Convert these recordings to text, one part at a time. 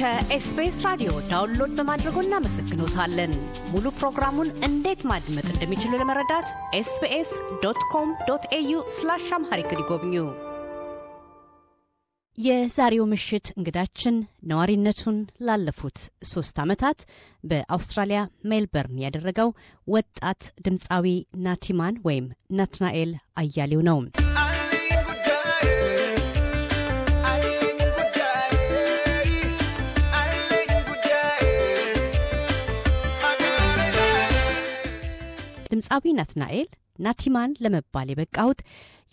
ከኤስቢኤስ ራዲዮ ዳውንሎድ በማድረጎ እናመሰግኖታለን። ሙሉ ፕሮግራሙን እንዴት ማድመጥ እንደሚችሉ ለመረዳት ኤስቢኤስ ዶት ኮም ዶት ኤዩ ስላሽ አምሃሪክ ይጎብኙ። የዛሬው ምሽት እንግዳችን ነዋሪነቱን ላለፉት ሶስት ዓመታት በአውስትራሊያ ሜልበርን ያደረገው ወጣት ድምፃዊ ናቲማን ወይም ናትናኤል አያሌው ነው። ድምፃዊ ናትናኤል ናቲማን ለመባል የበቃሁት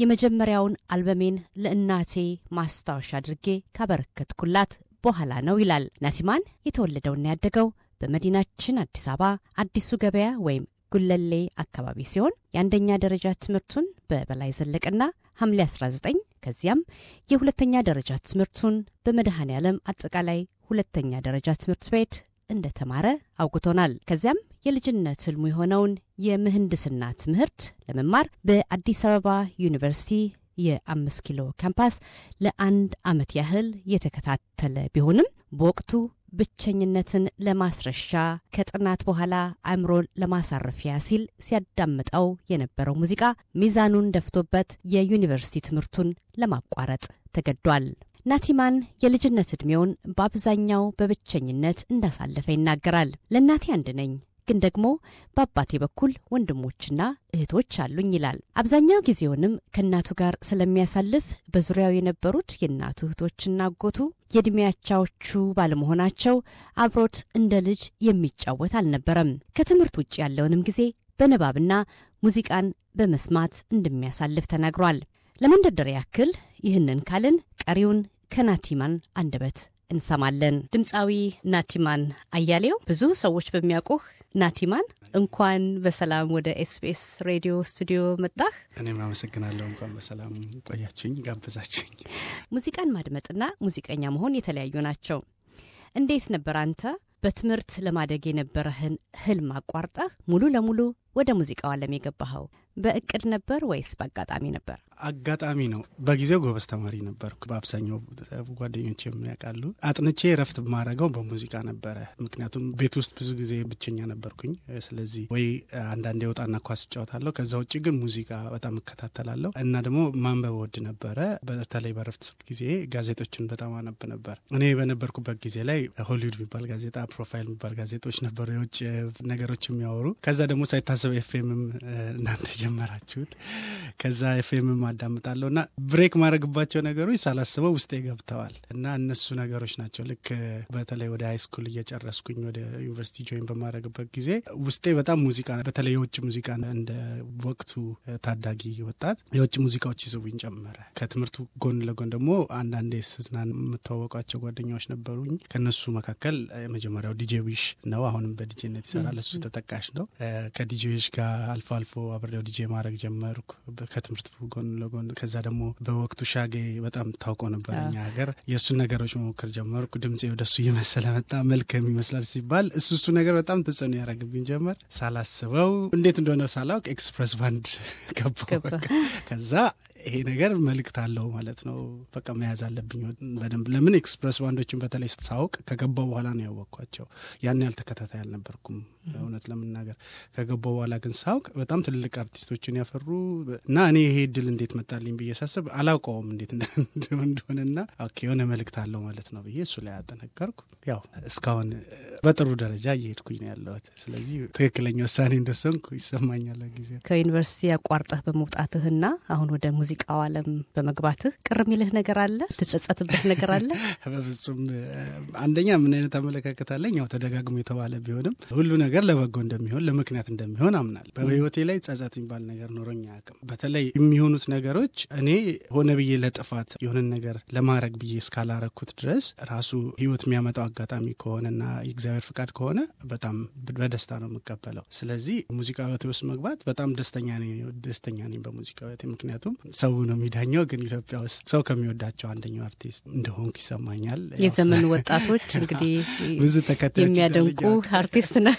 የመጀመሪያውን አልበሜን ለእናቴ ማስታወሻ አድርጌ ካበረከትኩላት በኋላ ነው ይላል። ናቲማን የተወለደውና ያደገው በመዲናችን አዲስ አበባ አዲሱ ገበያ ወይም ጉለሌ አካባቢ ሲሆን የአንደኛ ደረጃ ትምህርቱን በበላይ ዘለቅና ሐምሌ 19 ከዚያም የሁለተኛ ደረጃ ትምህርቱን በመድኃኔ ዓለም አጠቃላይ ሁለተኛ ደረጃ ትምህርት ቤት እንደተማረ አውግቶናል። ከዚያም የልጅነት ህልሙ የሆነውን የምህንድስና ትምህርት ለመማር በአዲስ አበባ ዩኒቨርሲቲ የአምስት ኪሎ ካምፓስ ለአንድ ዓመት ያህል የተከታተለ ቢሆንም በወቅቱ ብቸኝነትን ለማስረሻ ከጥናት በኋላ አእምሮ ለማሳረፊያ ሲል ሲያዳምጠው የነበረው ሙዚቃ ሚዛኑን ደፍቶበት የዩኒቨርሲቲ ትምህርቱን ለማቋረጥ ተገዷል። ናቲማን የልጅነት ዕድሜውን በአብዛኛው በብቸኝነት እንዳሳለፈ ይናገራል። ለእናቴ አንድ ነኝ ግን ደግሞ በአባቴ በኩል ወንድሞችና እህቶች አሉኝ ይላል። አብዛኛው ጊዜውንም ከእናቱ ጋር ስለሚያሳልፍ በዙሪያው የነበሩት የእናቱ እህቶችና አጎቱ የእድሜ አቻዎቹ ባለመሆናቸው አብሮት እንደ ልጅ የሚጫወት አልነበረም። ከትምህርት ውጭ ያለውንም ጊዜ በንባብና ሙዚቃን በመስማት እንደሚያሳልፍ ተናግሯል። ለመንደርደሪያ ያክል ይህንን ካልን ቀሪውን ከናቲማን አንደበት እንሰማለን። ድምፃዊ ናቲማን አያሌው ብዙ ሰዎች በሚያውቁህ ናቲማን እንኳን በሰላም ወደ ኤስቢኤስ ሬዲዮ ስቱዲዮ መጣህ። እኔም አመሰግናለሁ። እንኳን በሰላም ቆያችሁኝ፣ ጋበዛችሁኝ። ሙዚቃን ማድመጥና ሙዚቀኛ መሆን የተለያዩ ናቸው። እንዴት ነበር አንተ በትምህርት ለማደግ የነበረህን ህልም አቋርጠህ ሙሉ ለሙሉ ወደ ሙዚቃው ዓለም የገባኸው? በእቅድ ነበር ወይስ በአጋጣሚ ነበር? አጋጣሚ ነው። በጊዜው ጎበዝ ተማሪ ነበርኩ። በአብዛኛው ጓደኞች የሚያውቃሉ። አጥንቼ ረፍት ማድረገው በሙዚቃ ነበረ። ምክንያቱም ቤት ውስጥ ብዙ ጊዜ ብቸኛ ነበርኩኝ። ስለዚህ ወይ አንዳንዴ የወጣና ኳስ እጫወታለሁ። ከዛ ውጭ ግን ሙዚቃ በጣም እከታተላለሁ እና ደግሞ ማንበብ ወድ ነበረ። በተለይ በረፍት ጊዜ ጋዜጦችን በጣም አነብ ነበር። እኔ በነበርኩበት ጊዜ ላይ ሆሊውድ የሚባል ጋዜጣ፣ ፕሮፋይል የሚባል ጋዜጦች ነበሩ፣ የውጭ ነገሮች የሚያወሩ ከዛ ደግሞ ሳይታሰብ ኤፍኤምም እናንተ የጀመራችሁት። ከዛ ኤፍኤም አዳምጣለሁ እና ብሬክ ማድረግባቸው ነገሮች ሳላስበው ውስጤ ገብተዋል እና እነሱ ነገሮች ናቸው። ልክ በተለይ ወደ ሃይስኩል እየጨረስኩኝ ወደ ዩኒቨርሲቲ ጆይን በማድረግበት ጊዜ ውስጤ በጣም ሙዚቃ፣ በተለይ የውጭ ሙዚቃ እንደ ወቅቱ ታዳጊ ወጣት የውጭ ሙዚቃዎች ይስቡኝ ጨመረ። ከትምህርቱ ጎን ለጎን ደግሞ አንዳንዴ ስዝናን የምታወቋቸው ጓደኛዎች ነበሩኝ። ከነሱ መካከል የመጀመሪያው ዲጄ ዊሽ ነው። አሁንም በዲጄነት ይሰራል። እሱ ተጠቃሽ ነው። ከዲጄዎች ጋር አልፎ አልፎ አብሬው ዲጄ ማድረግ ጀመርኩ ከትምህርት ጎን ለጎን። ከዛ ደግሞ በወቅቱ ሻጌ በጣም ታውቆ ነበር እኛ ሀገር። የእሱን ነገሮች መሞከር ጀመርኩ። ድምፄ ወደሱ እየመሰለ መጣ። መልክም ይመስላል ሲባል እሱ እሱ ነገር በጣም ተጽዕኖ ያደረግብኝ ጀመር። ሳላስበው እንዴት እንደሆነ ሳላውቅ ኤክስፕረስ ባንድ ገባ። ከዛ ይሄ ነገር መልእክት አለው ማለት ነው። በቃ መያዝ አለብኝ በደንብ ለምን ኤክስፕረስ ባንዶችን በተለይ ሳውቅ ከገባው በኋላ ነው ያወቅኳቸው። ያን ያህል ተከታታይ አልነበርኩም እውነት ለመናገር ከገባው በኋላ ግን ሳውቅ በጣም ትልልቅ አርቲስቶችን ያፈሩ እና እኔ ይሄ እድል እንዴት መጣልኝ ብዬ ሳስብ አላውቀውም እንዴት እንደሆነና የሆነ መልእክት አለው ማለት ነው ብዬ እሱ ላይ አጠነከርኩ። ያው እስካሁን በጥሩ ደረጃ እየሄድኩኝ ነው ያለሁት። ስለዚህ ትክክለኛ ውሳኔ እንደሰንኩ ይሰማኛል። ጊዜ ከዩኒቨርሲቲ ያቋርጠህ በመውጣትህና አሁን ወደ ሙዚቃ ሙዚቃው ዓለም በመግባትህ ቅር የሚልህ ነገር አለ? ትጸጸትበት ነገር አለ? በፍጹም አንደኛ ምን አይነት አመለካከት አለኝ? ያው ተደጋግሞ የተባለ ቢሆንም ሁሉ ነገር ለበጎ እንደሚሆን ለምክንያት እንደሚሆን አምናል። በህይወቴ ላይ ጸጸት የሚባል ነገር ኖሮኝ አያውቅም። በተለይ የሚሆኑት ነገሮች እኔ ሆነ ብዬ ለጥፋት የሆነን ነገር ለማድረግ ብዬ እስካላረኩት ድረስ ራሱ ህይወት የሚያመጣው አጋጣሚ ከሆነና የእግዚአብሔር ፍቃድ ከሆነ በጣም በደስታ ነው የምቀበለው። ስለዚህ ሙዚቃ ህይወቴ ውስጥ መግባት በጣም ደስተኛ ደስተኛ ነኝ በሙዚቃ ህይወቴ። ምክንያቱም ሰው ነው የሚዳኘው። ግን ኢትዮጵያ ውስጥ ሰው ከሚወዳቸው አንደኛው አርቲስት እንደሆን ይሰማኛል። የዘመኑ ወጣቶች እንግዲህ ብዙ ተከታዮች የሚያደንቁ አርቲስት ነ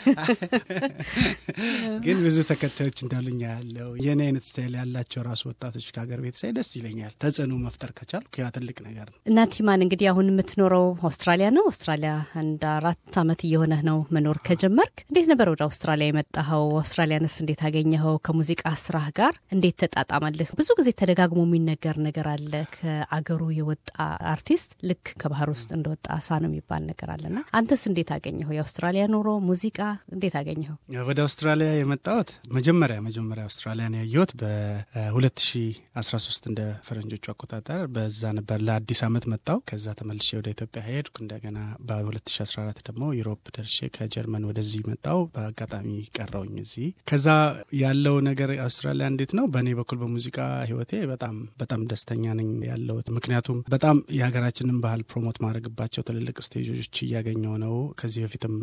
ግን ብዙ ተከታዮች እንዳሉኛ ያለው የኔ አይነት ስታይል ያላቸው ራሱ ወጣቶች ከሀገር ቤት ሳይ ደስ ይለኛል። ተጽዕኖ መፍጠር ከቻል ያ ትልቅ ነገር ነው። ናቲማን እንግዲህ አሁን የምትኖረው አውስትራሊያ ነው። አውስትራሊያ አንድ አራት አመት እየሆነህ ነው መኖር ከጀመርክ። እንዴት ነበር ወደ አውስትራሊያ የመጣኸው? አውስትራሊያንስ እንዴት አገኘኸው? ከሙዚቃ ስራህ ጋር እንዴት ተጣጣመልህ? ብዙ ጊዜ ተደጋግሞ የሚነገር ነገር አለ። ከአገሩ የወጣ አርቲስት ልክ ከባህር ውስጥ እንደወጣ አሳ ነው የሚባል ነገር አለና አንተስ እንዴት አገኘኸው? የአውስትራሊያ ኑሮ፣ ሙዚቃ እንዴት አገኘኸው? ወደ አውስትራሊያ የመጣሁት መጀመሪያ መጀመሪያ አውስትራሊያን ያየሁት በ2013 እንደ ፈረንጆቹ አቆጣጠር በዛ ነበር። ለአዲስ ዓመት መጣው። ከዛ ተመልሼ ወደ ኢትዮጵያ ሄድኩ። እንደገና በ2014 ደግሞ ዩሮፕ ደርሼ ከጀርመን ወደዚህ መጣው። በአጋጣሚ ቀረውኝ እዚህ። ከዛ ያለው ነገር አውስትራሊያ እንዴት ነው? በእኔ በኩል በሙዚቃ ህይወቴ በጣም በጣም ደስተኛ ነኝ ያለሁት። ምክንያቱም በጣም የሀገራችንን ባህል ፕሮሞት ማድረግባቸው ትልልቅ ስቴጆች እያገኘው ነው። ከዚህ በፊትም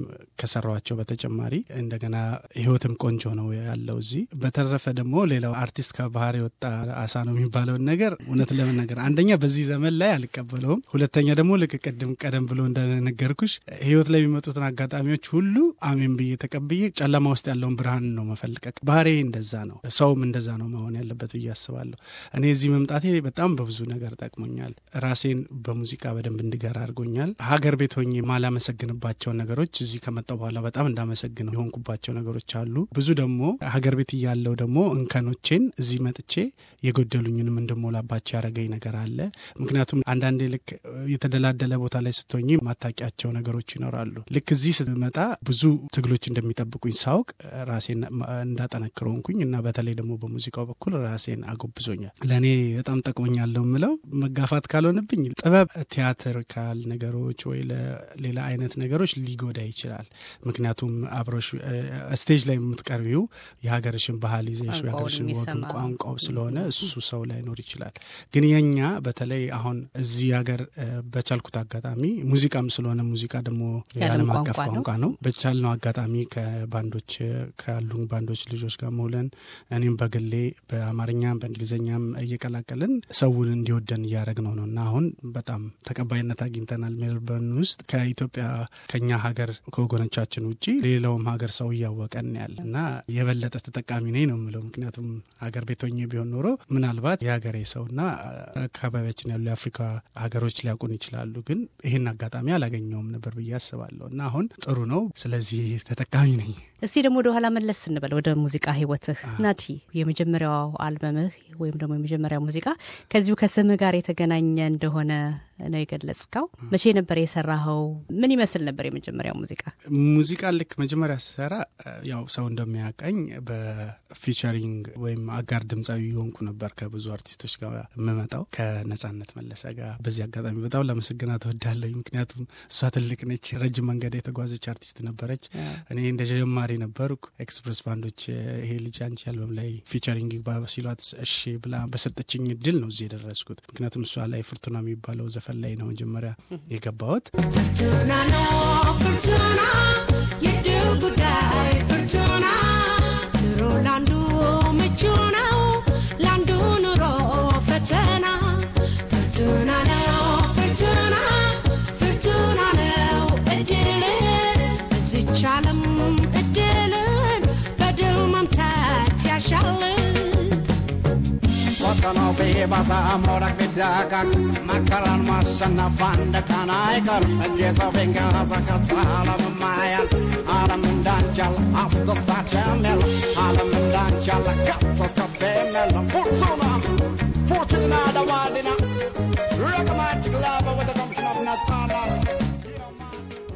ከሰሯቸው በተጨማሪ እንደገና ህይወትም ቆንጆ ነው ያለው እዚህ። በተረፈ ደግሞ ሌላው አርቲስት ከባህር የወጣ አሳ ነው የሚባለውን ነገር እውነት ለመናገር አንደኛ በዚህ ዘመን ላይ አልቀበለውም፣ ሁለተኛ ደግሞ ልክ ቅድም ቀደም ብሎ እንደነገርኩሽ ህይወት ላይ የሚመጡትን አጋጣሚዎች ሁሉ አሜን ብዬ ተቀብዬ ጨለማ ውስጥ ያለውን ብርሃን ነው መፈልቀቅ። ባህሬ እንደዛ ነው፣ ሰውም እንደዛ ነው መሆን ያለበት ብዬ አስባለሁ። እኔ እዚህ መምጣቴ በጣም በብዙ ነገር ጠቅሞኛል። ራሴን በሙዚቃ በደንብ እንድገራ አድርጎኛል። ሀገር ቤት ሆኜ ማላመሰግንባቸውን ነገሮች እዚህ ከመጣሁ በኋላ በጣም እንዳመሰግን የሆንኩባቸው ነገሮች አሉ። ብዙ ደግሞ ሀገር ቤት እያለው ደግሞ እንከኖቼን እዚህ መጥቼ የጎደሉኝንም እንድሞላባቸው ያደረገኝ ነገር አለ። ምክንያቱም አንዳንዴ ልክ የተደላደለ ቦታ ላይ ስትሆኝ ማታቂያቸው ነገሮች ይኖራሉ። ልክ እዚህ ስትመጣ ብዙ ትግሎች እንደሚጠብቁኝ ሳውቅ ራሴን ሆንኩኝ እና በተለይ ደግሞ በሙዚቃው በኩል ራሴን አጎብዞኛል። ለእኔ በጣም ጠቅሞኛለሁ የምለው መጋፋት ካልሆንብኝ ጥበብ ቲያትር ካል ነገሮች ወይ ለሌላ አይነት ነገሮች ሊጎዳ ይችላል። ምክንያቱም አብሮሽ ስቴጅ ላይ የምትቀርቢው የሀገርሽን ባህል ይዘሽ የሀገርሽን ወግን ቋንቋው ስለሆነ እሱ ሰው ላይኖር ይችላል። ግን የኛ በተለይ አሁን እዚህ ሀገር በቻልኩት አጋጣሚ ሙዚቃም ስለሆነ ሙዚቃ ደግሞ የአለም አቀፍ ቋንቋ ነው። በቻልነው አጋጣሚ ከባንዶች ካሉን ባንዶች ልጆች ጋር መውለን እኔም በግሌ በአማርኛም በእንግሊዝኛም እኛም እየቀላቀልን ሰውን እንዲወደን እያደረግ ነው ነው እና አሁን በጣም ተቀባይነት አግኝተናል። ሜልበርን ውስጥ ከኢትዮጵያ ከኛ ሀገር ከወገኖቻችን ውጭ ሌላውም ሀገር ሰው እያወቀን ያለ እና የበለጠ ተጠቃሚ ነኝ ነው የምለው። ምክንያቱም ሀገር ቤቶኝ ቢሆን ኖሮ ምናልባት የሀገሬ ሰውና አካባቢያችን ያሉ የአፍሪካ ሀገሮች ሊያውቁን ይችላሉ፣ ግን ይህን አጋጣሚ አላገኘውም ነበር ብዬ አስባለሁ እና አሁን ጥሩ ነው። ስለዚህ ተጠቃሚ ነኝ። እስቲ ደግሞ ወደኋላ መለስ ስንበል ወደ ሙዚቃ ህይወትህ ናቲ፣ የመጀመሪያው አልበምህ ወይም ደግሞ የመጀመሪያው ሙዚቃ ከዚሁ ከስም ጋር የተገናኘ እንደሆነ ነው የገለጽከው። መቼ ነበር የሰራኸው? ምን ይመስል ነበር የመጀመሪያው ሙዚቃ? ሙዚቃ ልክ መጀመሪያ ስሰራ ያው ሰው እንደሚያቀኝ በፊቸሪንግ ወይም አጋር ድምፃዊ የሆንኩ ነበር ከብዙ አርቲስቶች ጋር የምመጣው ከነጻነት መለሰ ጋር። በዚህ አጋጣሚ በጣም ለመሰግናት ተወዳለኝ። ምክንያቱም እሷ ትልቅ ነች፣ ረጅም መንገድ የተጓዘች አርቲስት ነበረች። እኔ እንደ ጀማሪ ነበርኩ። ኤክስፕሬስ ባንዶች ይሄ ልጅ አንቺ አልበም ላይ ፊቸሪንግ ይግባ ሲሏት እሺ ብላ በሰጠችኝ እድል ነው እዚህ የደረስኩት። ምክንያቱም እሷ ላይ ፍርቱና የሚባለው ዘ መፈለይ ነው መጀመሪያ የገባሁት። amora ke daga na vanda kanai kar venga maya baasa amoora gbeddaaga makkaraan maashannafaan dhaqaanaa eegalu dhageessa bengaasa kasaala fortuna aalamindan jala asdasaachamel aalamindan jala kapsos kafeemel furtuunam furtuunaadhawaadhina rekamaajiklaaba wadagamkinofnatsaanaat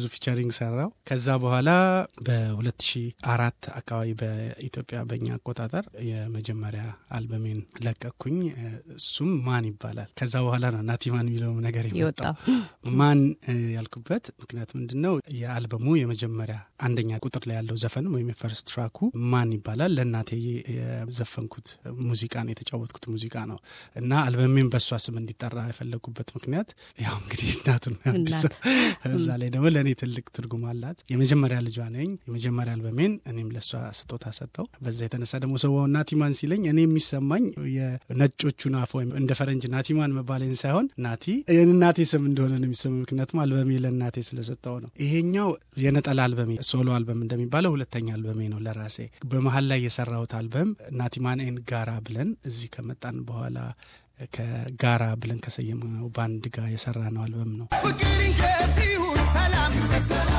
ብዙ ፊቸሪንግ ሰራው። ከዛ በኋላ በ2004 አካባቢ በኢትዮጵያ በኛ አቆጣጠር የመጀመሪያ አልበሜን ለቀኩኝ። እሱም ማን ይባላል። ከዛ በኋላ ነው ናቲ ማን የሚለውም ነገር የወጣው። ማን ያልኩበት ምክንያት ምንድን ነው? የአልበሙ የመጀመሪያ አንደኛ ቁጥር ላይ ያለው ዘፈን ወይም የፈርስት ትራኩ ማን ይባላል ለእናቴ የዘፈንኩት ሙዚቃ ነው የተጫወትኩት ሙዚቃ ነው እና አልበሜን በእሷ ስም እንዲጠራ የፈለጉበት ምክንያት ያው እንግዲህ እናቱና እዛ ላይ ደግሞ ለእኔ ለእኔ ትልቅ ትርጉም አላት። የመጀመሪያ ልጇ ነኝ። የመጀመሪያ አልበሜን እኔም ለእሷ ስጦታ ሰጠው። በዛ የተነሳ ደግሞ ሰው ናቲማን ሲለኝ እኔ የሚሰማኝ የነጮቹ ናፎ ወይም እንደ ፈረንጅ ናቲማን መባሌን ሳይሆን ናቲ እናቴ ስም እንደሆነ ነው የሚሰሙ ምክንያቱም አልበሜ ለእናቴ ስለሰጠው ነው። ይሄኛው የነጠላ አልበሜ ሶሎ አልበም እንደሚባለው ሁለተኛ አልበሜ ነው ለራሴ። በመሀል ላይ የሰራሁት አልበም ናቲማን ኤን ጋራ ብለን እዚህ ከመጣን በኋላ ከጋራ ብለን ከሰየመው ባንድ ጋር የሰራ ነው አልበም ነው። ሰላም።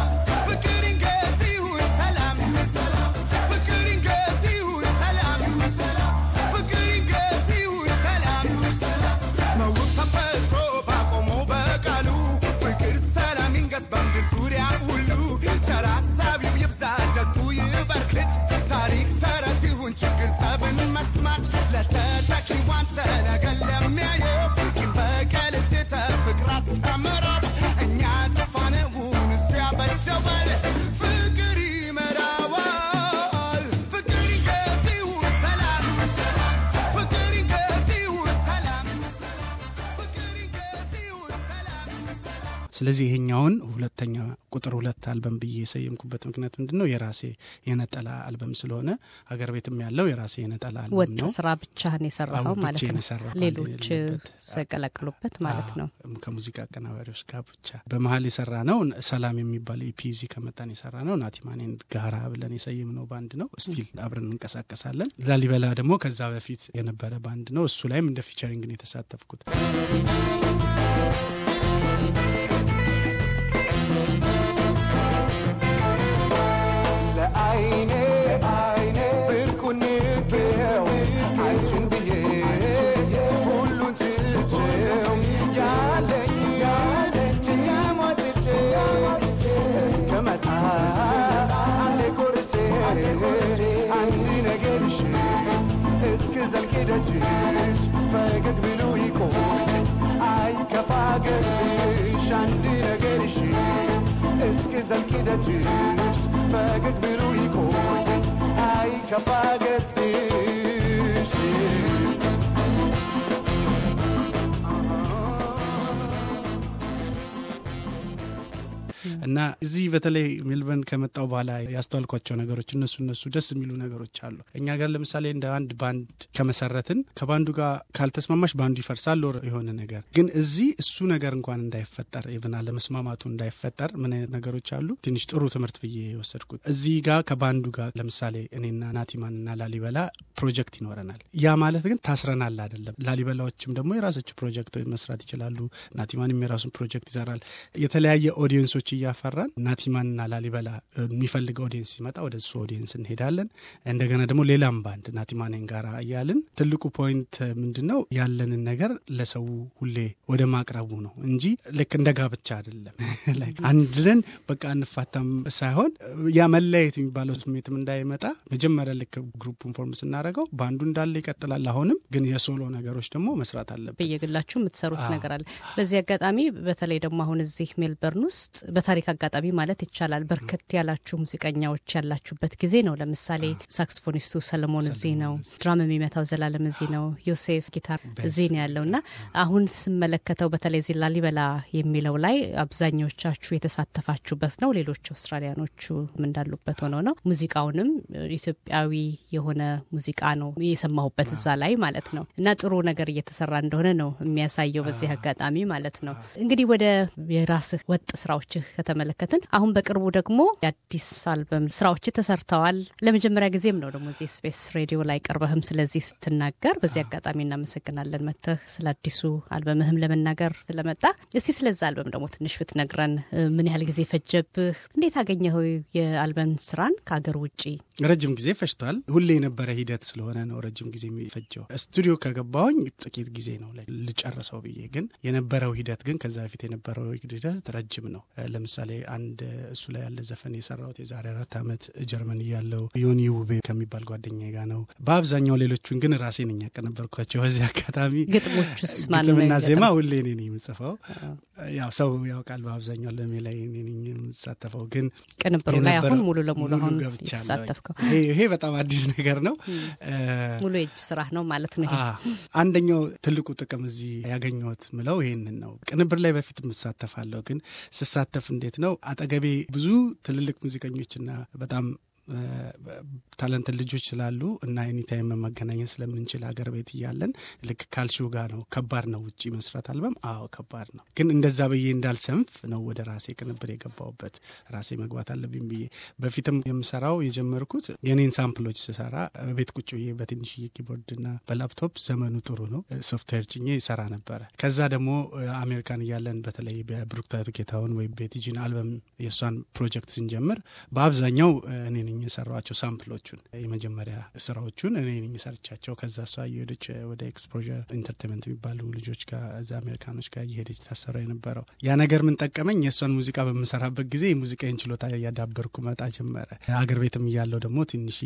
انا قلم معي ስለዚህ ይሄኛውን ሁለተኛ ቁጥር ሁለት አልበም ብዬ የሰየምኩበት ምክንያት ምንድን ነው? የራሴ የነጠላ አልበም ስለሆነ ሀገር ቤትም ያለው የራሴ የነጠላ አልበም ነው። ወጥ ስራ ብቻህን የሰራኸው ማለት ነው። ሌሎች ተቀላቀሉበት ማለት ነው። ከሙዚቃ አቀናባሪዎች ጋር ብቻ በመሀል የሰራ ነው። ሰላም የሚባል ኢፒዚ ከመጣን የሰራ ነው። ናቲማኔን ጋራ ብለን የሰየም ነው ባንድ ነው። ስቲል አብረን እንቀሳቀሳለን። ላሊበላ ደግሞ ከዛ በፊት የነበረ ባንድ ነው። እሱ ላይም እንደ ፊቸሪንግ የተሳተፍኩት። me. እና እዚህ በተለይ ሜልበርን ከመጣው በኋላ ያስተዋልኳቸው ነገሮች እነሱ እነሱ ደስ የሚሉ ነገሮች አሉ። እኛ ጋር ለምሳሌ እንደ አንድ ባንድ ከመሰረትን ከባንዱ ጋር ካልተስማማሽ ባንዱ ይፈርሳል ሎር የሆነ ነገር ግን እዚህ እሱ ነገር እንኳን እንዳይፈጠር ይብና ለመስማማቱ እንዳይፈጠር ምን አይነት ነገሮች አሉ ትንሽ ጥሩ ትምህርት ብዬ የወሰድኩት እዚህ ጋር ከባንዱ ጋር ለምሳሌ እኔና ናቲማንና ላሊበላ ፕሮጀክት ይኖረናል። ያ ማለት ግን ታስረናል አይደለም። ላሊበላዎችም ደግሞ የራሳቸው ፕሮጀክት መስራት ይችላሉ። ናቲማንም የራሱን ፕሮጀክት ይሰራል። የተለያየ ኦዲየንሶች እያፈ እያፈራን ናቲማንና ላሊበላ የሚፈልግ ኦዲየንስ ሲመጣ ወደ እሱ ኦዲየንስ እንሄዳለን። እንደገና ደግሞ ሌላም ባንድ ናቲማኔን ጋራ እያልን ትልቁ ፖይንት ምንድን ነው ያለንን ነገር ለሰው ሁሌ ወደ ማቅረቡ ነው እንጂ ልክ እንደ ጋብቻ አይደለም። አንድ በቃ እንፋታም ሳይሆን ያ መለየት የሚባለው ስሜትም እንዳይመጣ መጀመሪያ ልክ ግሩፕ ኢንፎርም ስናደረገው በአንዱ እንዳለ ይቀጥላል። አሁንም ግን የሶሎ ነገሮች ደግሞ መስራት አለብን። በየግላችሁ የምትሰሩት ነገር አለ። በዚህ አጋጣሚ በተለይ ደግሞ አሁን እዚህ ሜልበርን ውስጥ በታሪክ አጋጣሚ ማለት ይቻላል በርከት ያላችሁ ሙዚቀኛዎች ያላችሁበት ጊዜ ነው። ለምሳሌ ሳክስፎኒስቱ ሰለሞን እዚህ ነው፣ ድራም የሚመታው ዘላለም እዚህ ነው፣ ዮሴፍ ጊታር እዚህ ነው ያለው እና አሁን ስመለከተው በተለይ እዚህ ላሊበላ የሚለው ላይ አብዛኞቻችሁ የተሳተፋችሁበት ነው። ሌሎች አውስትራሊያኖቹ እንዳሉበት ሆነው ነው። ሙዚቃውንም ኢትዮጵያዊ የሆነ ሙዚቃ ነው የሰማሁበት እዛ ላይ ማለት ነው እና ጥሩ ነገር እየተሰራ እንደሆነ ነው የሚያሳየው በዚህ አጋጣሚ ማለት ነው። እንግዲህ ወደ የራስህ ወጥ ስራዎችህ ከተመ ተመለከትን። አሁን በቅርቡ ደግሞ የአዲስ አልበም ስራዎች ተሰርተዋል። ለመጀመሪያ ጊዜም ነው ደግሞ እዚህ ስፔስ ሬዲዮ ላይ ቀርበህም ስለዚህ ስትናገር፣ በዚህ አጋጣሚ እናመሰግናለን መጥተህ ስለ አዲሱ አልበምህም ለመናገር ስለመጣ። እስቲ ስለዛ አልበም ደግሞ ትንሽ ብትነግረን። ምን ያህል ጊዜ ፈጀብህ? እንዴት አገኘኸው? የአልበም ስራን ከሀገር ውጭ ረጅም ጊዜ ፈጅቷል። ሁሌ የነበረ ሂደት ስለሆነ ነው ረጅም ጊዜ የሚፈጀው። ስቱዲዮ ከገባሁኝ ጥቂት ጊዜ ነው ልጨርሰው ብዬ ግን የነበረው ሂደት ግን ከዛ በፊት የነበረው ሂደት ረጅም ነው። ለምሳሌ ለምሳሌ አንድ እሱ ላይ ያለ ዘፈን የሰራሁት የዛሬ አራት ዓመት ጀርመን እያለው ዮኒ ውቤ ከሚባል ጓደኛ ጋ ነው። በአብዛኛው ሌሎቹን ግን ራሴ ነኝ ያቀነበርኳቸው። በዚህ አጋጣሚ ግጥምና ዜማ ሁሌ እኔ ነኝ የምጽፈው። ያው ሰው ያውቃል በአብዛኛው ለሜ ላይ የምትሳተፈው ግን ቅንብሩ ላይ አሁን ሙሉ ለሙሉ አሁን የተሳተፍከው ይሄ በጣም አዲስ ነገር ነው። ሙሉ የእጅ ስራ ነው ማለት ነው። አንደኛው ትልቁ ጥቅም እዚህ ያገኘሁት ምለው ይሄንን ነው። ቅንብር ላይ በፊት የምሳተፋለሁ፣ ግን ስሳተፍ እንዴት ነው አጠገቤ ብዙ ትልልቅ ሙዚቀኞችና በጣም ታለንትን ልጆች ስላሉ እና ኤኒታይም መገናኘት ስለምንችል ሀገር ቤት እያለን ልክ ካልሽው ጋር ነው። ከባድ ነው ውጭ መስራት አልበም። አዎ ከባድ ነው፣ ግን እንደዛ ብዬ እንዳልሰንፍ ነው ወደ ራሴ ቅንብር የገባውበት። ራሴ መግባት አለብኝ ብዬ በፊትም የምሰራው የጀመርኩት የኔን ሳምፕሎች ስሰራ ቤት ቁጭ ብዬ በትንሽዬ ኪቦርድና በላፕቶፕ ዘመኑ ጥሩ ነው ሶፍትዌር ጭኜ ይሰራ ነበረ። ከዛ ደግሞ አሜሪካን እያለን በተለይ በብሩክታቱ ጌታሁን ወይ ቤቲጂን አልበም የእሷን ፕሮጀክት ስንጀምር በአብዛኛው እኔ ነኝ የሰራቸው ሳምፕሎቹን የመጀመሪያ ስራዎቹን እኔ ነኝ ሰርቻቸው። ከዛ እሷ እየሄደች ወደ ኤክስፖር ኢንተርቴንመንት የሚባሉ ልጆች ጋር እዛ አሜሪካኖች ጋር እየሄደች ታሰራ የነበረው ያ ነገር ምን ጠቀመኝ? የእሷን ሙዚቃ በምሰራበት ጊዜ የሙዚቃዬን ችሎታ እያዳበርኩ መጣ ጀመረ። አገር ቤትም እያለው ደግሞ ትንሽ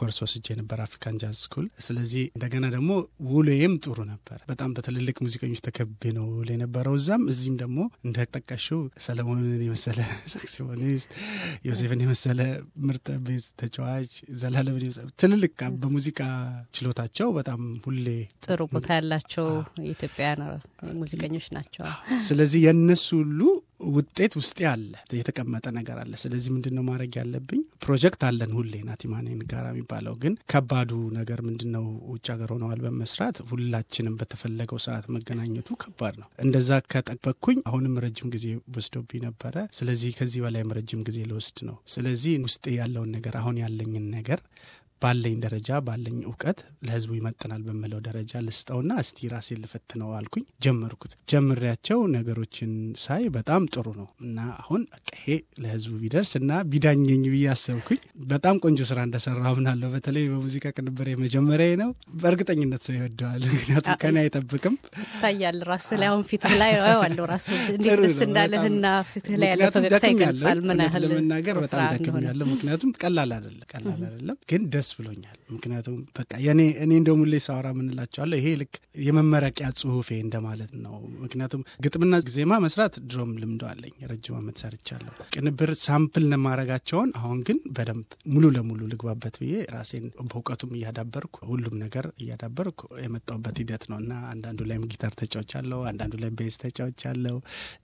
ኮርስ ወስጄ ነበር አፍሪካን ጃዝ ስኩል። ስለዚህ እንደገና ደግሞ ውሎዬም ጥሩ ነበር። በጣም በትልልቅ ሙዚቀኞች ተከቤ ነው ውሎ የነበረው እዛም እዚህም ደግሞ እንደጠቀሽው ሰለሞንን የመሰለ ሳክሲፎኒስት ዮሴፍን የመሰለ ምርጥ የክላሪኔት ተጫዋች ዘላለም ትልልቅ በሙዚቃ ችሎታቸው በጣም ሁሌ ጥሩ ቦታ ያላቸው የኢትዮጵያን ሙዚቀኞች ናቸው። ስለዚህ የእነሱ ሁሉ ውጤት ውስጤ አለ፣ የተቀመጠ ነገር አለ። ስለዚህ ምንድን ነው ማድረግ ያለብኝ? ፕሮጀክት አለን ሁሌ ናቲማኔን ጋር የሚባለው ግን ከባዱ ነገር ምንድን ነው? ውጭ ሀገር ሆነዋል በመስራት ሁላችንም በተፈለገው ሰዓት መገናኘቱ ከባድ ነው። እንደዛ ከጠበቅኩኝ አሁንም ረጅም ጊዜ ወስዶብኝ ነበረ። ስለዚህ ከዚህ በላይም ረጅም ጊዜ ልወስድ ነው። ስለዚህ ውስጤ ያለውን ነገር አሁን ያለኝን ነገር ባለኝ ደረጃ ባለኝ እውቀት ለህዝቡ ይመጥናል በምለው ደረጃ ልስጠውና እስቲ ራሴ ልፈትነው አልኩኝ። ጀመርኩት። ጀምሬያቸው ነገሮችን ሳይ በጣም ጥሩ ነው እና አሁን ቀሄ ለህዝቡ ቢደርስ እና ቢዳኘኝ ብዬ አሰብኩኝ። በጣም ቆንጆ ስራ እንደሰራ አምናለሁ። በተለይ በሙዚቃ ቅንብር የመጀመሪያ ነው። በእርግጠኝነት ሰው ይወደዋል። ምክንያቱም ከኔ አይጠብቅም። ይታያል ራሱ ላይ አሁን ፊት ላይ ዋለው ራሱ እንዴት ደስ እንዳለህና ፊት ላይ ያለ ፈገግታ ይገልጻል። ምን ያህል ለመናገር በጣም ደክም ያለ ምክንያቱም ቀላል አይደለም ቀላል አይደለም ግን ደስ ብሎኛል። ምክንያቱም በቃ የኔ እኔ እንደ ሙሌ ሳወራ ምንላቸዋለሁ ይሄ ልክ የመመረቂያ ጽሁፌ እንደማለት ነው። ምክንያቱም ግጥምና ዜማ መስራት ድሮም ልምዶ አለኝ፣ ረጅም ዓመት ሰርቻለሁ። ቅንብር ሳምፕል ማረጋቸውን አሁን ግን በደንብ ሙሉ ለሙሉ ልግባበት ብዬ ራሴን በእውቀቱም እያዳበርኩ ሁሉም ነገር እያዳበርኩ የመጣውበት ሂደት ነው እና አንዳንዱ ላይም ጊታር ተጫዎች አለው፣ አንዳንዱ ላይ ቤዝ ተጫዎች አለው፣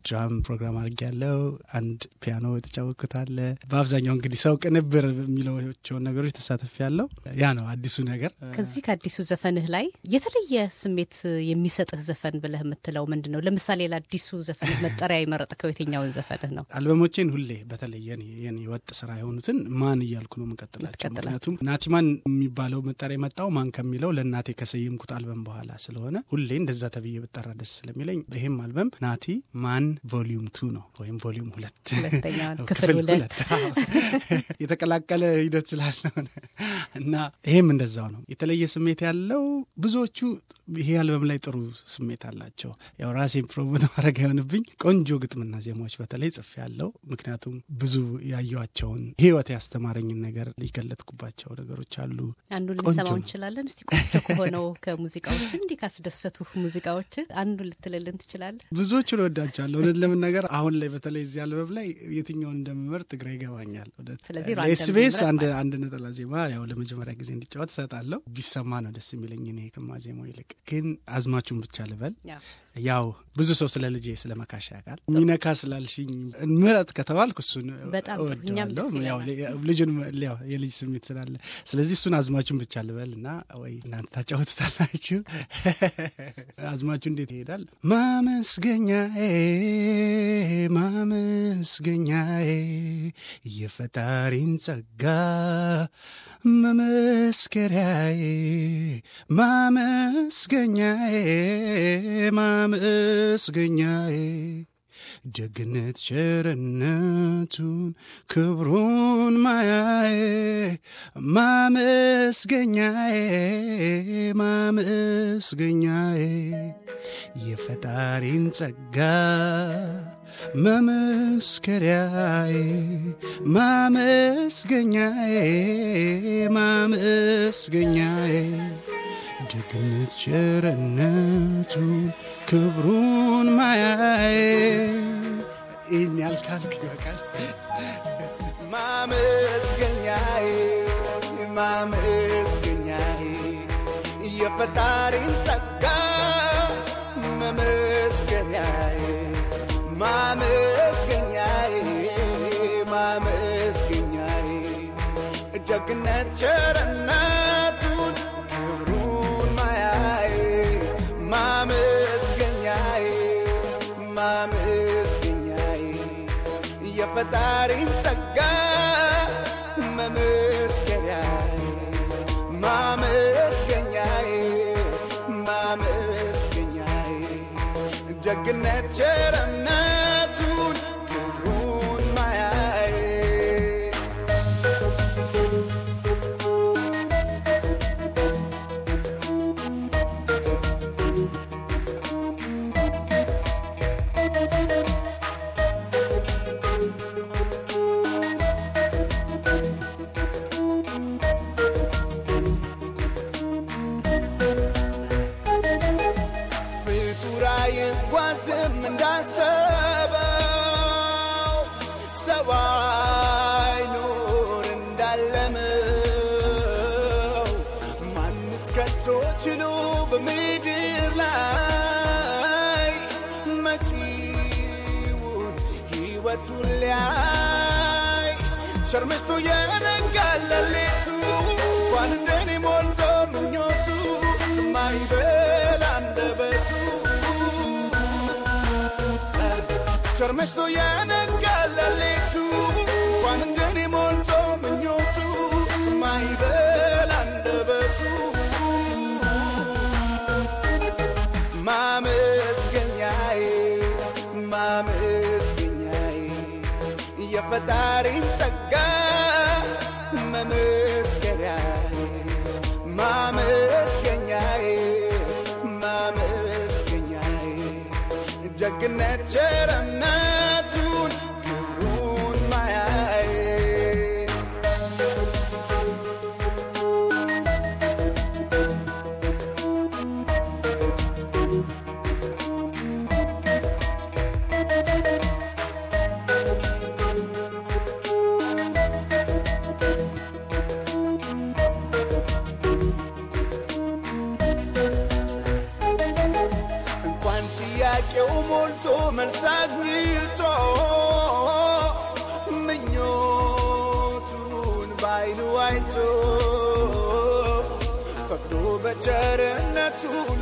ድራም ፕሮግራም አድርጌ ያለው አንድ ፒያኖ የተጫወኩት አለ። በአብዛኛው እንግዲህ ሰው ቅንብር የሚለቸውን ነገሮች ተሳተፍ ያለው አለው። ያ ነው አዲሱ ነገር። ከዚህ ከአዲሱ ዘፈንህ ላይ የተለየ ስሜት የሚሰጥህ ዘፈን ብለህ የምትለው ምንድን ነው? ለምሳሌ ለአዲሱ ዘፈን መጠሪያ የመረጥከው የትኛውን ዘፈንህ ነው? አልበሞቼን ሁሌ በተለየ የኔ ወጥ ስራ የሆኑትን ማን እያልኩ ነው የምቀጥላቸው። ምክንያቱም ናቲማን የሚባለው መጠሪያ የመጣው ማን ከሚለው ለእናቴ ከሰየምኩት አልበም በኋላ ስለሆነ ሁሌ እንደዛ ተብዬ ብጠራ ደስ ስለሚለኝ ይሄም አልበም ናቲ ማን ቮሊዩም ቱ ነው ወይም ቮሊዩም ሁለት ክፍል ሁለት የተቀላቀለ ሂደት ስላለሆነ እና ይሄም እንደዛው ነው። የተለየ ስሜት ያለው ብዙዎቹ ይሄ አልበም ላይ ጥሩ ስሜት አላቸው። ያው ራሴን ፕሮሞት ማድረግ አይሆንብኝ፣ ቆንጆ ግጥምና ዜማዎች በተለይ ጽፍ ያለው ምክንያቱም ብዙ ያየኋቸውን ህይወት ያስተማረኝን ነገር ሊገለጥኩባቸው ነገሮች አሉ። አንዱ ልንሰማው እንችላለን? እስቲ ቆንጆ ከሆነው ከሙዚቃዎች እንዲህ ካስደሰቱ ሙዚቃዎች አንዱ ልትልልን ትችላለን? ብዙዎቹን ወዳቸዋለሁ። እውነት ለመናገር አሁን ላይ በተለይ እዚህ አልበም ላይ የትኛውን እንደምመርጥ ግራ ይገባኛል። ስለዚህ ኤስቤስ አንድ ነጠላ ዜማ ያው ለመጀመሪያ ጊዜ እንዲጫወት እሰጣለሁ። ቢሰማ ነው ደስ የሚለኝ እኔ ከማዜሞ ይልቅ። ግን አዝማቹን ብቻ ልበል። ያው ብዙ ሰው ስለ ልጄ ስለ መካሻ ያውቃል። ሚነካ ስላልሽኝ ምረጥ ከተባልኩ እሱን እወደዋለሁ። ልጁን የልጅ ስሜት ስላለ ስለዚህ እሱን አዝማቹን ብቻ ልበል እና ወይ እናንተ ታጫወቱታላችሁ። አዝማቹ እንዴት ይሄዳል? ማመስገኛ ማመስገኛ የፈጣሪን ጸጋ መመስከሪያዬ ማመስገኛዬ ማመስገኛዬ ደግነት ቸርነቱን ክብሩን ማያዬ ማመስገኛዬ ማመስገኛዬ የፈጣሪን ጸጋ መመስከሪያዬ ማመስገኛዬ ማመስገኛዬ ደግነት ቸርነቱን ክብሩን ማያዬ ይህን ያልካልክ ይበቃል። ማመስገኛዬ ማመስገኛዬ የፈጣሪን ጸጋ ማመስገኛዬ ማመስገኛዬ ጀግነት ቸርነቱን ክብሩን ማያዬ ማመስገኛዬ ማመስገኛዬ የፈጣሪን ጸጋ ማመስገኛዬ ማመስገኛዬ ችሎ በምድር ላይ መጪውን ሕይወቱን ሊያይ ሸርምስቱ የነጋል ሌሊቱ እንኳን እንደኔ ሞልቶ ምኞቱ ሸርምስቱ ፈጣሪን ጸጋ መመስገኛዬ ማመስገኛዬ ማመስገኛዬ ደግነት ቸርነት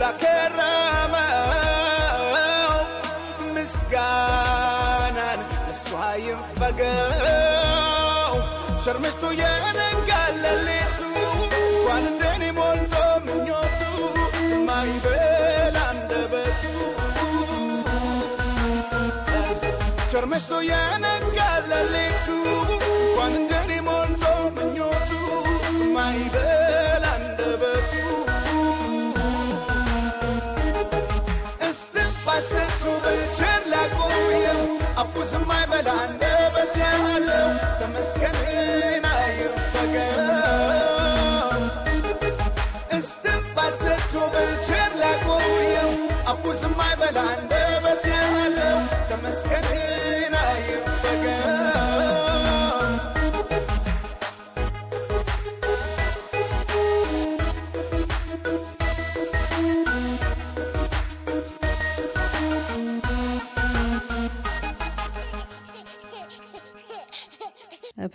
ላከረመው ምስጋናን ለእሷ ይንፈገው ሸርምስቱ የነጋል ሌሊቱ እንኳን እንደኔ ሞልቶ ምኞቱ ሰማይ በል አንደበቱ ሸርምስቱ እንኳን እንደኔ ሞልቶ ምኞቱ በል ምስጋና ይፈገው እስትንፋስ ሰጥቶ በቸር ላቆየው አፉ ዝም አይበላ ያለው ተመስገን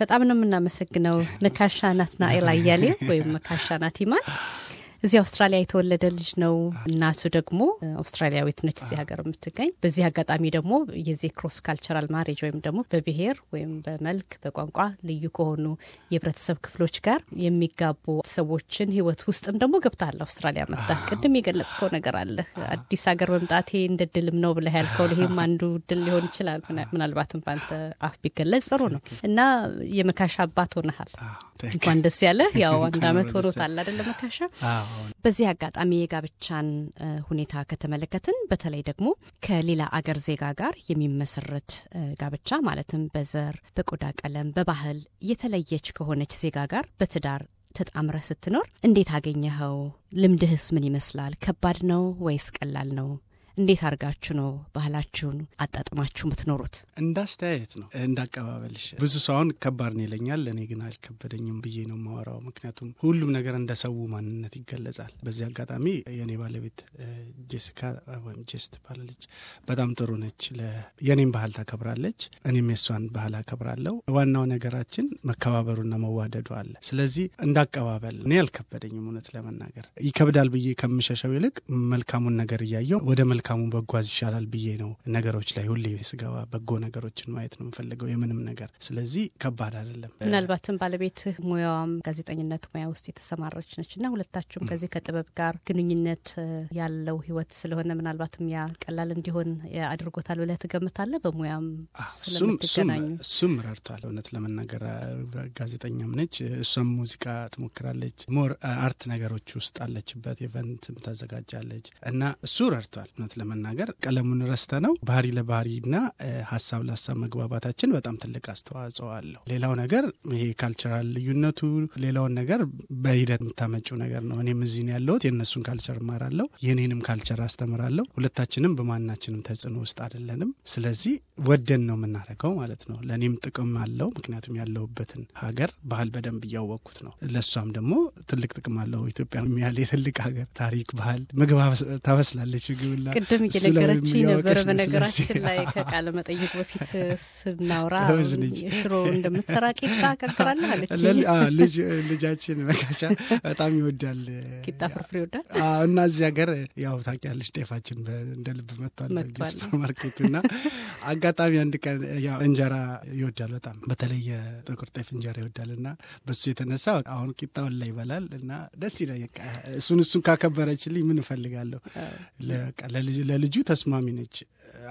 በጣም ነው የምናመሰግነው ነካሻ ናትና ኤላ እያሌ ወይም መካሻ ናቲማን እዚህ አውስትራሊያ የተወለደ ልጅ ነው። እናቱ ደግሞ አውስትራሊያዊት ነች፣ እዚህ ሀገር የምትገኝ። በዚህ አጋጣሚ ደግሞ የዚህ ክሮስ ካልቸራል ማሬጅ ወይም ደግሞ በብሔር ወይም በመልክ በቋንቋ ልዩ ከሆኑ የህብረተሰብ ክፍሎች ጋር የሚጋቡ ሰዎችን ህይወት ውስጥም ደግሞ ገብተሃል። አውስትራሊያ መጣ። ቅድም የገለጽከው ነገር አለ። አዲስ ሀገር መምጣቴ እንደ ድልም ነው ብለህ ያልከው ይህም አንዱ ድል ሊሆን ይችላል። ምናልባትም በአንተ አፍ ቢገለጽ ጥሩ ነው እና የመካሻ አባት ሆነሃል። እንኳን ደስ ያለ ያው አንድ አመት ሆኖታል አይደለ መካሻ? በዚህ አጋጣሚ የጋብቻን ሁኔታ ከተመለከትን በተለይ ደግሞ ከሌላ አገር ዜጋ ጋር የሚመሰረት ጋብቻ ማለትም በዘር፣ በቆዳ ቀለም፣ በባህል የተለየች ከሆነች ዜጋ ጋር በትዳር ተጣምረህ ስትኖር እንዴት አገኘኸው? ልምድህስ ምን ይመስላል? ከባድ ነው ወይስ ቀላል ነው? እንዴት አድርጋችሁ ነው ባህላችሁን አጣጥማችሁ የምትኖሩት? እንደ አስተያየት ነው እንደ አቀባበልሽ። ብዙ ሰው አሁን ከባድ ነው ይለኛል። እኔ ግን አልከበደኝም ብዬ ነው የማወራው። ምክንያቱም ሁሉም ነገር እንደ ሰው ማንነት ይገለጻል። በዚህ አጋጣሚ የእኔ ባለቤት ጄሲካ ወይም ጄስ ትባላለች። በጣም ጥሩ ነች። የእኔም ባህል ታከብራለች፣ እኔም የእሷን ባህል አከብራለሁ። ዋናው ነገራችን መከባበሩና መዋደዱ አለ። ስለዚህ አቀባበል እኔ አልከበደኝም። እውነት ለመናገር ይከብዳል ብዬ ከምሸሸው ይልቅ መልካሙን ነገር እያየው ወደ መልካ መልካሙን በጓዝ ይሻላል ብዬ ነው ነገሮች ላይ ሁሌ ስገባ በጎ ነገሮችን ማየት ነው የምፈልገው የምንም ነገር። ስለዚህ ከባድ አይደለም። ምናልባትም ባለቤት ሙያዋም ጋዜጠኝነት ሙያ ውስጥ የተሰማረች ነች እና ሁለታችሁም ከዚህ ከጥበብ ጋር ግንኙነት ያለው ህይወት ስለሆነ ምናልባትም ያ ቀላል እንዲሆን አድርጎታል ብለ ትገምታለ በሙያም እሱም ረድቷል። እውነት ለመናገር ጋዜጠኛም ነች፣ እሷም ሙዚቃ ትሞክራለች። ሞር አርት ነገሮች ውስጥ አለችበት። ኢቨንትም ተዘጋጃለች እና እሱ ረድቷል እውነት ለመናገር ቀለሙን ረስተ ነው ባህሪ ለባህሪና ሀሳብ ለሀሳብ መግባባታችን በጣም ትልቅ አስተዋጽኦ አለው። ሌላው ነገር ይሄ ካልቸራል ልዩነቱ፣ ሌላውን ነገር በሂደት የምታመጭው ነገር ነው። እኔም እዚህ ያለሁት የእነሱን ካልቸር እማራለሁ፣ የኔንም ካልቸር አስተምራለሁ። ሁለታችንም በማናችንም ተጽዕኖ ውስጥ አይደለንም። ስለዚህ ወደን ነው የምናደርገው ማለት ነው። ለእኔም ጥቅም አለው፣ ምክንያቱም ያለሁበትን ሀገር ባህል በደንብ እያወቅኩት ነው። ለእሷም ደግሞ ትልቅ ጥቅም አለው። ኢትዮጵያ የሚያል የትልቅ ሀገር ታሪክ፣ ባህል ምግብ ታበስላለች ግብላ ቅድም እየነገረች ነበረ። በነገራችን ላይ ከቃለ መጠየቅ በፊት ስናውራ ሽሮ እንደምትሰራ ቂጣ ቀቅራለህ አለችኝ። ልጃችን መካሻ በጣም ይወዳል ቂጣ ፍርፍር ይወዳል እና እዚህ ሀገር ያው ታውቂያለሽ ጤፋችን እንደ ልብ መጥቷል ሱፐር እና አጋጣሚ አንድ ቀን ያው እንጀራ ይወዳል በጣም በተለየ ጥቁር ጤፍ እንጀራ ይወዳል እና በሱ የተነሳ አሁን ቂጣውን ላይ ይበላል እና ደስ ይለኛል። እሱን እሱን ካከበረችልኝ ምን እፈልጋለሁ ለልጅ ለልጁ ተስማሚ ነች።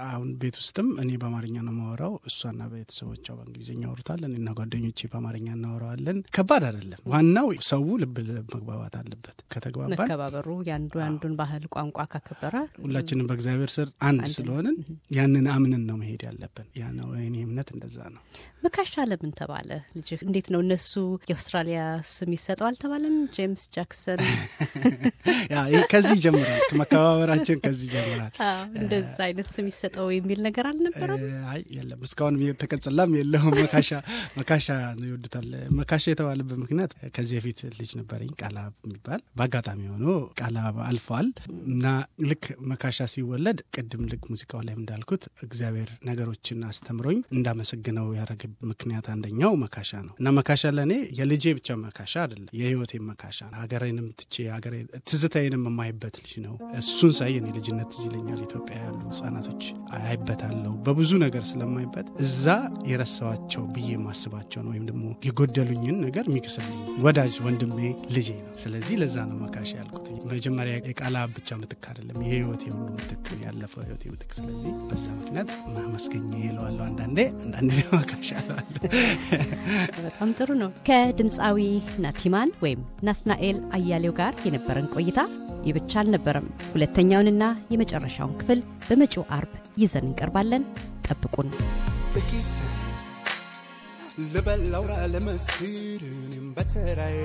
አሁን ቤት ውስጥም እኔ በአማርኛ ነው ማወራው፣ እሷና ቤተሰቦቿ በእንግሊዝኛ ወሩታለን እና ጓደኞቼ በአማርኛ እናወረዋለን ከባድ አይደለም። ዋናው ሰው ልብ መግባባት አለበት። ከተግባባል መከባበሩ፣ ያንዱ ያንዱን ባህል ቋንቋ ካከበረ ሁላችንም በእግዚአብሔር ስር አንድ ስለሆንን ያንን አምንን ነው መሄድ ያለብን። ያ ነው እኔ እምነት እንደዛ ነው። መካሻ ለምን ተባለ ልጅ እንዴት ነው እነሱ የአውስትራሊያ ስም ይሰጠው አልተባለም? ጄምስ ጃክሰን ከዚህ ጀምራል። መከባበራችን ከዚህ ጀምራል። ይሆናል እንደዛ አይነት ስም ይሰጠው የሚል ነገር አልነበረም? አይ የለም፣ እስካሁን ተቀጽላም የለውም። መካሻ መካሻ ነው ይወዱታል። መካሻ የተባለበት ምክንያት ከዚህ በፊት ልጅ ነበረኝ ቃላብ የሚባል በአጋጣሚ ሆኖ ቃላብ አልፏል እና ልክ መካሻ ሲወለድ ቅድም ልክ ሙዚቃው ላይ እንዳልኩት እግዚአብሔር ነገሮችን አስተምሮኝ እንዳመሰግነው ያደረገ ምክንያት አንደኛው መካሻ ነው እና መካሻ ለእኔ የልጄ ብቻ መካሻ አይደለም፣ የህይወቴ መካሻ ነው። ሀገሬንም ትቼ ሀገሬ ትዝታዬንም የማይበት ልጅ ነው። እሱን ሳይ የኔ ልጅነት ይለኛል ኢትዮጵያ ያሉ ህጻናቶች አይበታለሁ በብዙ ነገር ስለማይበት እዛ የረሳዋቸው ብዬ ማስባቸውን ወይም ደግሞ የጎደሉኝን ነገር የሚክስልኝ ወዳጅ ወንድሜ ልጄ ነው። ስለዚህ ለዛ ነው መካሽ ያልኩት። መጀመሪያ የቃላ ብቻ ምትክ አይደለም፣ የህይወቴ ሁሉ ምትክ፣ ያለፈው ህይወት ምትክ። ስለዚህ በዛ ምክንያት ማመስገኝ ይለዋለሁ። አንዳንዴ አንዳንዴ መካሽ አለዋለሁ። በጣም ጥሩ ነው። ከድምፃዊ ናቲማን ወይም ናትናኤል አያሌው ጋር የነበረን ቆይታ ይህ ብቻ አልነበረም። ሁለተኛውንና የመጨረሻውን ክፍል በመጪው አርብ ይዘን እንቀርባለን። ጠብቁን። ጥቂት ልበላውራ ለመስክርንም በተራዬ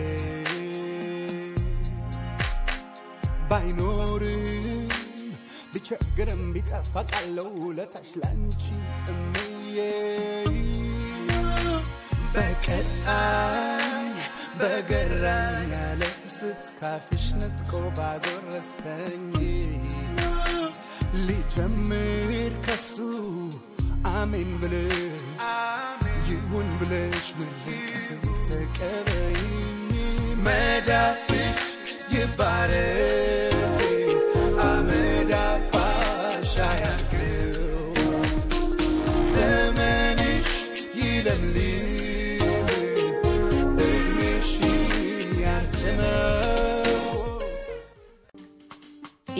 ባይኖርም ቢቸግርም ቢጠፋ ቃለው ለታሽ ላንቺ እንዬ በቀጣ በገራኝ ያለ ስስት ካፍሽ ነጥቆ ባጎረሰኝ ሊጨምር ከሱ አሜን ብለሽ ይሁን ብለሽ ምልክት ተቀበይኝ መዳፍሽ ይባረክ አመዳፋሽ አያግው ዘመንሽ ይለምልኝ